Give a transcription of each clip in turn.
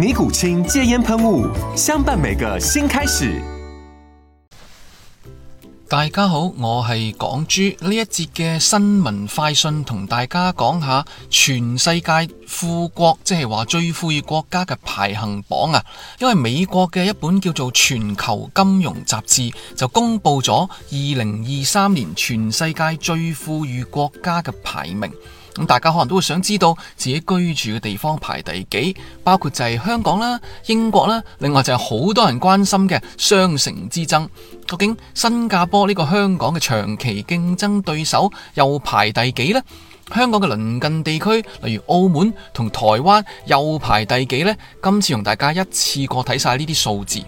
尼古清戒煙噴霧，相伴每個新開始。大家好，我係港豬。呢一節嘅新聞快訊，同大家講下全世界富國，即係話最富裕國家嘅排行榜啊！因為美國嘅一本叫做《全球金融雜誌》就公布咗二零二三年全世界最富裕國家嘅排名。咁大家可能都會想知道自己居住嘅地方排第幾，包括就係香港啦、英國啦，另外就係好多人關心嘅雙城之爭。究竟新加坡呢個香港嘅長期競爭對手又排第幾呢？香港嘅鄰近地區例如澳門同台灣又排第幾呢？今次同大家一次過睇晒呢啲數字。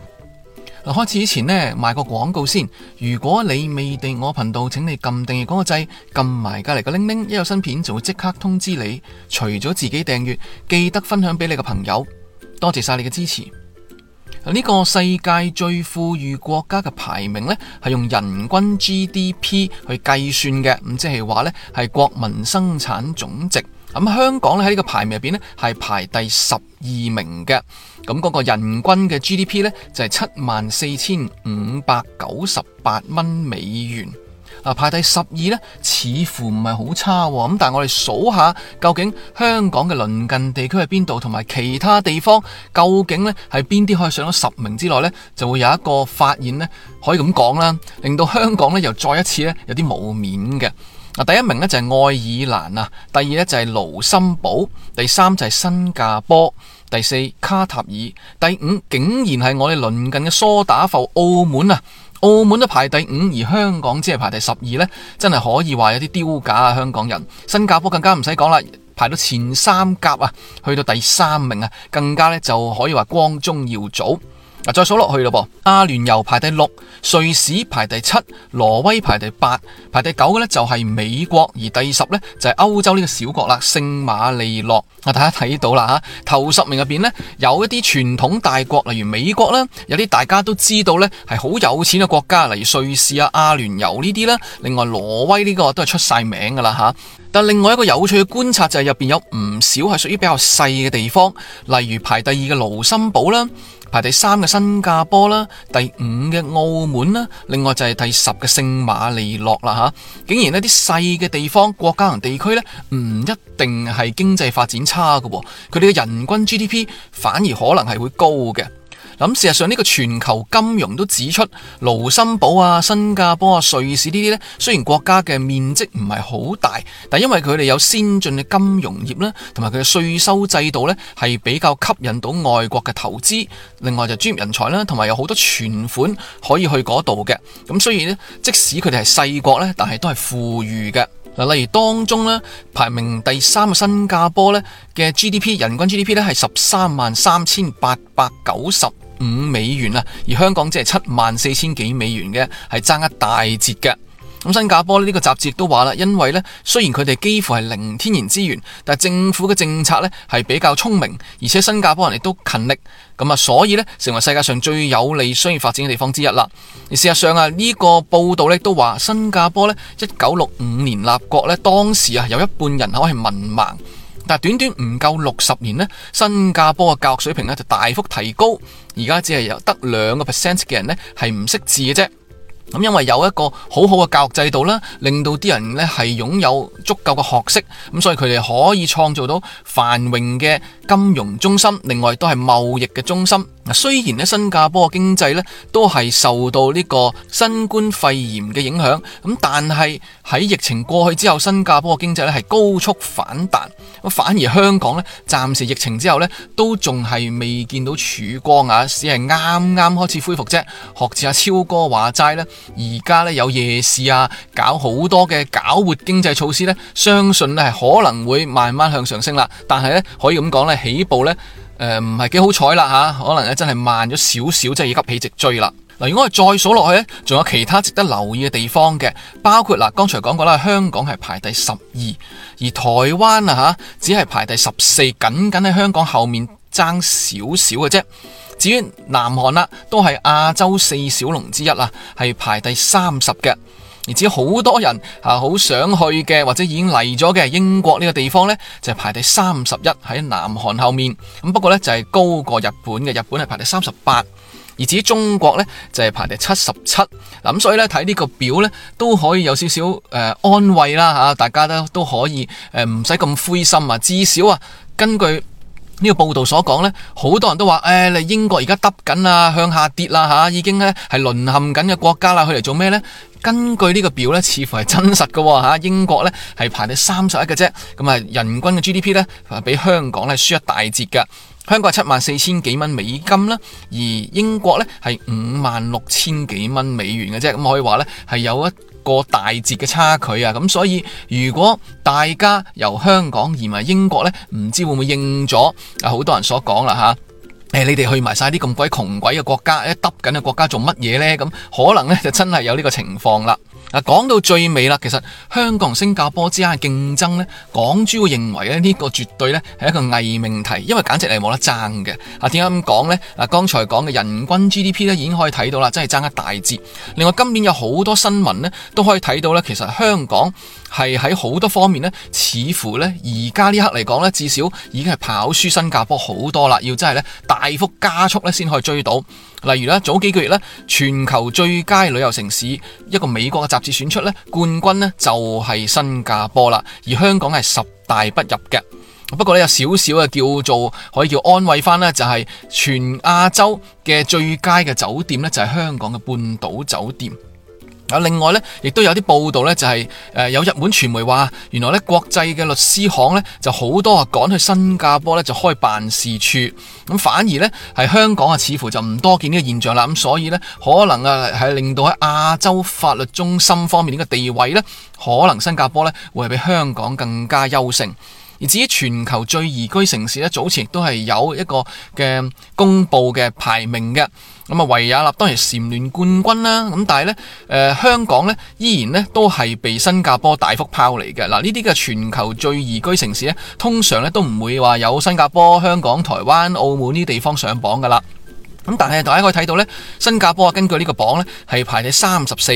開始之前咧，賣個廣告先。如果你未訂我頻道，請你撳訂嗰個掣，撳埋隔籬個鈴鈴，一有新片就會即刻通知你。除咗自己訂閱，記得分享俾你嘅朋友。多謝晒你嘅支持。呢個世界最富裕國家嘅排名呢係用人均 GDP 去計算嘅，咁即係話呢係國民生產總值。咁香港咧，喺呢個排名入邊呢係排第十二名嘅，咁、那、嗰個人均嘅 GDP 呢就係七萬四千五百九十八蚊美元。嗱，排第十二呢似乎唔係好差喎，咁但係我哋數下究竟香港嘅鄰近地區係邊度，同埋其他地方究竟呢係邊啲可以上到十名之內呢，就會有一個發現呢可以咁講啦，令到香港呢又再一次呢有啲冇面嘅。第一名呢就係愛爾蘭啊，第二呢就係盧森堡，第三就係新加坡，第四卡塔爾，第五竟然係我哋鄰近嘅梳打埠澳門啊，澳門都排第五，而香港只係排第十二呢，真係可以話有啲丟架啊！香港人，新加坡更加唔使講啦，排到前三甲啊，去到第三名啊，更加呢就可以話光宗耀祖。再數落去喇，噃，阿聯酋排第六，瑞士排第七，挪威排第八，排第九嘅呢就係美國，而第十呢就係歐洲呢個小國啦，聖馬利諾啊。大家睇到啦吓，頭十名入邊呢有一啲傳統大國，例如美國啦，有啲大家都知道呢係好有錢嘅國家，例如瑞士啊、阿聯酋呢啲啦。另外，挪威呢個都係出晒名噶啦吓。但另外一個有趣嘅觀察就係入邊有唔少係屬於比較細嘅地方，例如排第二嘅盧森堡啦。排第三嘅新加坡啦，第五嘅澳門啦，另外就係第十嘅聖馬利諾啦吓，竟然呢啲細嘅地方國家同地區呢，唔一定係經濟發展差嘅，佢哋嘅人均 GDP 反而可能係會高嘅。咁事實上呢個全球金融都指出，盧森堡啊、新加坡啊、瑞士呢啲呢，雖然國家嘅面積唔係好大，但因為佢哋有先進嘅金融業啦，同埋佢嘅稅收制度呢，係比較吸引到外國嘅投資。另外就專業人才啦，同埋有好多存款可以去嗰度嘅。咁雖然呢即使佢哋係細國呢，但係都係富裕嘅。嗱，例如當中呢，排名第三嘅新加坡呢嘅 GDP 人均 GDP 呢，係十三萬三千八百九十。五美元啦，而香港只係七萬四千幾美元嘅，係爭一大截嘅。咁新加坡咧，呢個雜誌亦都話啦，因為呢，雖然佢哋幾乎係零天然資源，但政府嘅政策呢係比較聰明，而且新加坡人亦都勤力，咁啊所以呢，成為世界上最有利商業發展嘅地方之一啦。而事實上啊呢個報道呢都話新加坡呢，一九六五年立國呢，當時啊有一半人口係文盲。短短唔夠六十年呢，新加坡嘅教育水平呢就大幅提高。而家只係有得兩個 percent 嘅人呢係唔識字嘅啫。咁因為有一個好好嘅教育制度啦，令到啲人呢係擁有足夠嘅學識，咁所以佢哋可以創造到繁榮嘅金融中心，另外都係貿易嘅中心。雖然呢新加坡嘅經濟呢都係受到呢個新冠肺炎嘅影響，咁但係喺疫情過去之後，新加坡嘅經濟呢係高速反彈。反而香港呢暫時疫情之後呢都仲係未見到曙光啊！只係啱啱開始恢復啫。學似阿超哥話齋呢，而家呢有夜市啊，搞好多嘅搞活經濟措施呢，相信呢係可能會慢慢向上升啦。但係呢可以咁講呢，起步呢誒，唔係幾好彩啦，嚇可能呢真係慢咗少少，真係要急起直追啦。嗱，如果我再數落去咧，仲有其他值得留意嘅地方嘅，包括嗱，剛才講過啦，香港係排第十二，而台灣啊吓，只係排第十四，僅僅喺香港後面爭少少嘅啫。至於南韓啦，都係亞洲四小龍之一啦，係排第三十嘅。而至於好多人啊，好想去嘅或者已經嚟咗嘅英國呢個地方呢，就係排第三十一，喺南韓後面。咁不過呢，就係高過日本嘅，日本係排第三十八。而至於中國呢，就係、是、排第七十七。咁所以呢，睇呢個表呢，都可以有少少、呃、安慰啦，大家都都可以誒唔使咁灰心啊。至少啊，根據呢個報道所講呢，好多人都話誒、哎，你英國而家耷緊啊向下跌啦、啊、已經呢係淪陷緊嘅國家啦，佢嚟做咩呢？根據呢個表呢，似乎係真實嘅喎、啊啊。英國呢，係排第三十一嘅啫，咁啊，人均嘅 GDP 呢比香港呢輸一大截㗎。香港係七萬四千幾蚊美金啦，而英國呢係五萬六千幾蚊美元嘅啫，咁可以話呢係有一個大截嘅差距啊！咁所以如果大家由香港移埋英國呢，唔知會唔會應咗啊？好多人所講啦吓，誒你哋去埋晒啲咁鬼窮鬼嘅國家，一揼緊嘅國家做乜嘢呢？咁可能呢就真係有呢個情況啦。嗱講到最尾啦，其實香港同新加坡之間嘅競爭呢，港豬會認為呢呢個絕對呢係一個偽命題，因為簡直係冇得爭嘅。啊，點解咁講呢？嗱，剛才講嘅人均 GDP 呢已經可以睇到啦，真係爭一大截。另外今年有好多新聞呢都可以睇到呢，其實香港係喺好多方面呢，似乎呢而家呢刻嚟講呢，至少已經係跑輸新加坡好多啦，要真係呢，大幅加速呢先可以追到。例如呢，早幾個月呢，全球最佳旅遊城市一個美國嘅集團自選出呢，冠軍呢就係新加坡啦，而香港係十大不入嘅。不過呢，有少少嘅叫做可以叫安慰返呢，就係全亞洲嘅最佳嘅酒店呢，就係香港嘅半島酒店。另外咧，亦都有啲報道咧，就係誒，就係有日本傳媒話，原來咧國際嘅律師行咧就好多啊，趕去新加坡咧就開辦事處，咁反而咧係香港啊，似乎就唔多見呢個現象啦。咁所以咧，可能啊係令到喺亞洲法律中心方面呢個地位咧，可能新加坡咧會係比香港更加優勝。而至於全球最宜居城市呢，早前亦都係有一個嘅公布嘅排名嘅。咁啊，維也納當然蟬聯冠軍啦。咁但係呢，誒香港呢依然呢都係被新加坡大幅拋離嘅。嗱，呢啲嘅全球最宜居城市呢，通常呢都唔會話有新加坡、香港、台灣、澳門呢啲地方上榜㗎啦。咁但係大家可以睇到呢，新加坡啊，根據呢個榜呢係排第三十四，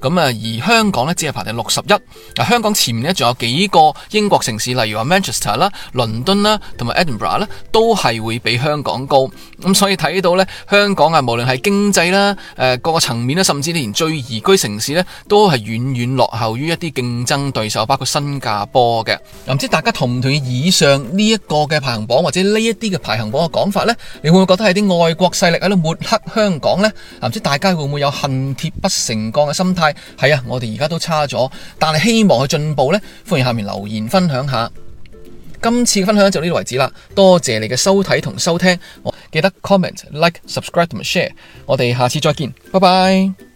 咁啊而香港呢只係排第六十一。嗱，香港前面呢仲有幾個英國城市，例如話 Manchester 啦、倫敦啦同埋 Edinburgh 啦，e、burgh，都係會比香港高。咁所以睇到呢，香港啊，無論係經濟啦、誒各個層面啦，甚至連最宜居城市呢都係遠遠落後於一啲競爭對手，包括新加坡嘅。咁唔知大家同唔同意以上呢一個嘅排行榜或者呢一啲嘅排行榜嘅講法呢，你會唔會覺得係啲外國勢力喺度抹黑香港呢，唔知大家會唔會有恨鐵不成鋼嘅心態？係啊，我哋而家都差咗，但係希望去進步呢。歡迎下面留言分享下。今次分享咧就到呢度為止啦，多謝你嘅收睇同收聽，記得 comment、like、subscribe 同 share。我哋下次再見，拜拜。